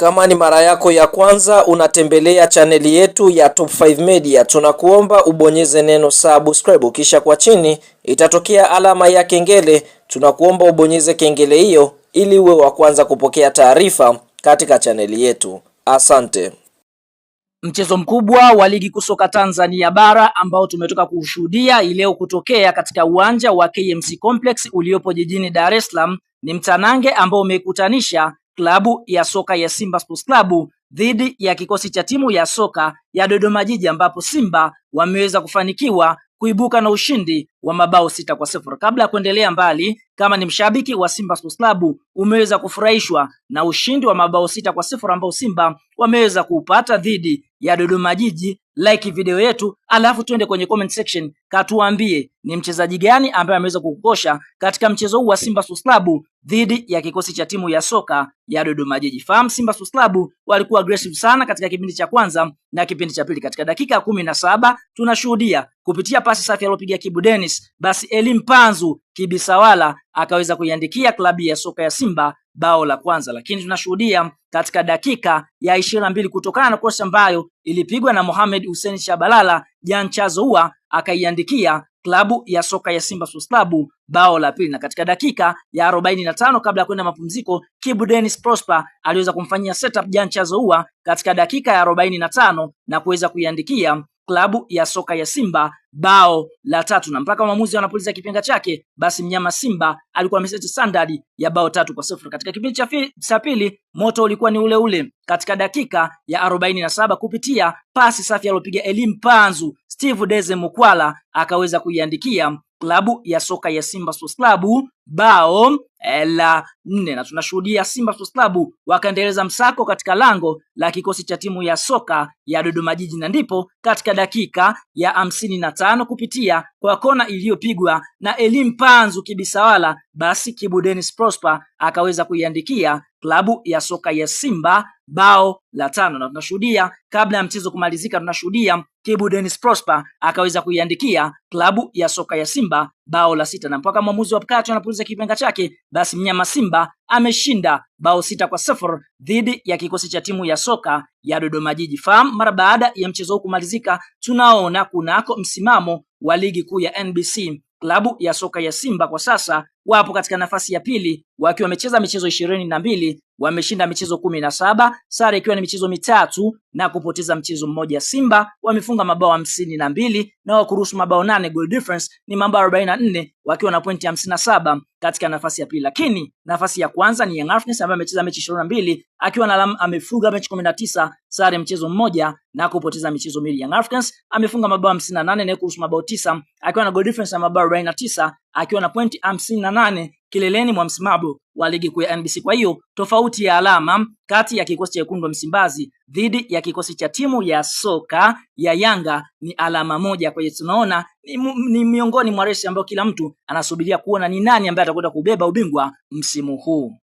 Kama ni mara yako ya kwanza unatembelea chaneli yetu ya Top 5 Media, tunakuomba ubonyeze neno subscribe, kisha kwa chini itatokea alama ya kengele. Tunakuomba ubonyeze kengele hiyo ili uwe wa kwanza kupokea taarifa katika chaneli yetu. Asante. Mchezo mkubwa wa ligi kuu soka Tanzania bara ambao tumetoka kuushuhudia ileo kutokea katika uwanja wa KMC Complex uliopo jijini Dar es Salaam ni mtanange ambao umekutanisha klabu ya soka ya Simba Sports Club dhidi ya kikosi cha timu ya soka ya Dodoma Jiji, ambapo Simba wameweza kufanikiwa kuibuka na ushindi wa mabao sita kwa sifuri. Kabla ya kuendelea mbali, kama ni mshabiki wa Simba Sports Club, umeweza kufurahishwa na ushindi wa mabao sita kwa sifuri ambao Simba wameweza kuupata dhidi ya Dodoma Jiji, like video yetu, alafu tuende kwenye comment section, katuambie ni mchezaji gani ambaye ameweza kukosha katika mchezo huu wa Simba Sports Club dhidi ya kikosi cha timu ya soka ya Dodoma Jiji. Fahamu Simba Sports Club walikuwa aggressive sana katika kipindi cha kwanza na kipindi cha pili. Katika dakika kumi na saba tunashuhudia kupitia pasi safi aliyopiga Kibu Dennis, basi Elim Panzu kibisawala akaweza kuiandikia klabu ya soka ya Simba bao la kwanza, lakini tunashuhudia katika dakika ya ishirini na mbili kutokana na kosa ambayo ilipigwa na Mohamed Hussein Shabalala, Jan Chazoua akaiandikia klabu ya soka ya Simba Sports Club bao la pili, na katika dakika ya arobaini na tano kabla ya kwenda mapumziko, Kibu Dennis Prosper aliweza kumfanyia setup Jan Chazoua katika dakika ya 45 na tano na kuweza kuiandikia klabu ya soka ya Simba bao la tatu, na mpaka mwamuzi anapuliza kipenga chake, basi mnyama Simba alikuwa ameseti standard ya bao tatu kwa sifuri. Katika kipindi cha pili moto ulikuwa ni ule ule katika dakika ya arobaini na saba kupitia pasi safi aliyopiga Elimpanzu Panzu, Steve Deze Mukwala akaweza kuiandikia klabu ya soka ya Simba Sports Club bao eh, la nne, na tunashuhudia Simba Sports Club wakaendeleza msako katika lango la kikosi cha timu ya soka ya Dodoma Jiji, na ndipo katika dakika ya hamsini na tano kupitia kwa kona iliyopigwa na Elim Panzu Kibisawala, basi Kibu Dennis Prosper akaweza kuiandikia klabu ya soka ya Simba bao la tano, na tunashuhudia kabla ya mchezo kumalizika, tunashuhudia Kibu Dennis Prosper akaweza kuiandikia klabu ya soka ya Simba bao la sita, na mpaka mwamuzi wa kati anapuliza kipenga chake, basi mnyama Simba ameshinda bao sita kwa sifuri dhidi ya kikosi cha timu ya soka ya Dodoma Jiji. Fahamu mara baada ya mchezo huu kumalizika, tunaona kunako msimamo wa ligi kuu ya NBC klabu ya soka ya Simba kwa sasa wapo katika nafasi ya pili wakiwa wamecheza michezo ishirini na mbili wameshinda michezo kumi na saba sare ikiwa ni michezo mitatu na kupoteza mchezo mmoja. Simba wamefunga mabao hamsini na mbili na wao kuruhusu mabao nane, goal difference ni mambo arobaini na nne wakiwa na pointi hamsini na saba katika nafasi ya pili, lakini nafasi ya kwanza ni Young Africans ambaye amecheza mechi ishirini na mbili akiwa na alama, amefunga mechi kumi na tisa sare mchezo mmoja na kupoteza michezo miwili. Young Africans amefunga mabao hamsini na nane na kuruhusu mabao tisa akiwa na goal difference ya mabao arobaini na tisa akiwa na pointi hamsini na nane kileleni mwa msimamo wa ligi kuu ya NBC. Kwa hiyo tofauti ya alama kati ya kikosi cha wekundu wa Msimbazi dhidi ya kikosi cha timu ya soka ya Yanga ni alama moja. Kwa hiyo tunaona ni, ni miongoni mwa resi ambayo kila mtu anasubiria kuona ni nani ambaye atakwenda kubeba ubingwa msimu huu.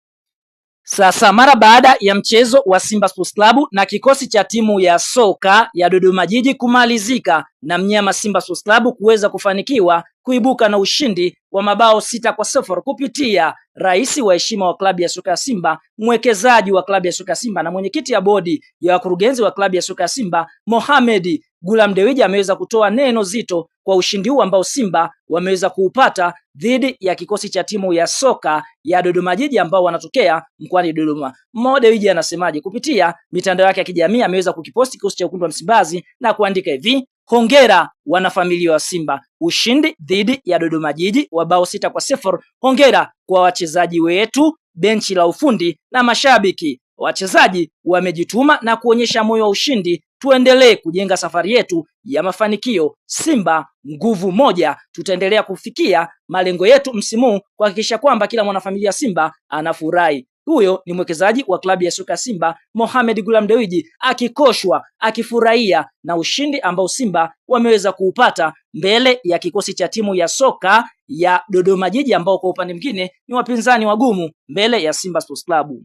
Sasa mara baada ya mchezo wa Simba Sports Club na kikosi cha timu ya soka ya Dodoma Jiji kumalizika na mnyama Simba Sports Club kuweza kufanikiwa kuibuka na ushindi wa mabao sita kwa sifuri kupitia rais wa heshima wa klabu ya soka ya Simba, mwekezaji wa klabu ya soka ya Simba na mwenyekiti ya bodi ya wakurugenzi wa klabu ya soka ya Simba, Mohamed Gulam Dewji ameweza kutoa neno zito kwa ushindi huu ambao Simba wameweza kuupata dhidi ya kikosi cha timu ya soka ya Dodoma Jiji ambao wanatokea mkoani Dodoma. Mo Dewji anasemaje? Kupitia mitandao yake ya kijamii ameweza kukiposti kikosi cha Wekundu wa Msimbazi na kuandika hivi: Hongera wanafamilia wa Simba, ushindi dhidi ya Dodoma Jiji wa bao sita kwa sifuri. Hongera kwa wachezaji wetu, benchi la ufundi na mashabiki. Wachezaji wamejituma na kuonyesha moyo wa ushindi tuendelee kujenga safari yetu ya mafanikio. Simba nguvu moja, tutaendelea kufikia malengo yetu msimu, kuhakikisha kwamba kila mwanafamilia Simba anafurahi. Huyo ni mwekezaji wa klabu ya soka Simba Mohamed Gulam Dewiji akikoshwa akifurahia na ushindi ambao Simba wameweza kuupata mbele ya kikosi cha timu ya soka ya Dodoma Jiji ambao kwa upande mwingine ni wapinzani wagumu mbele ya Simba Sports Club.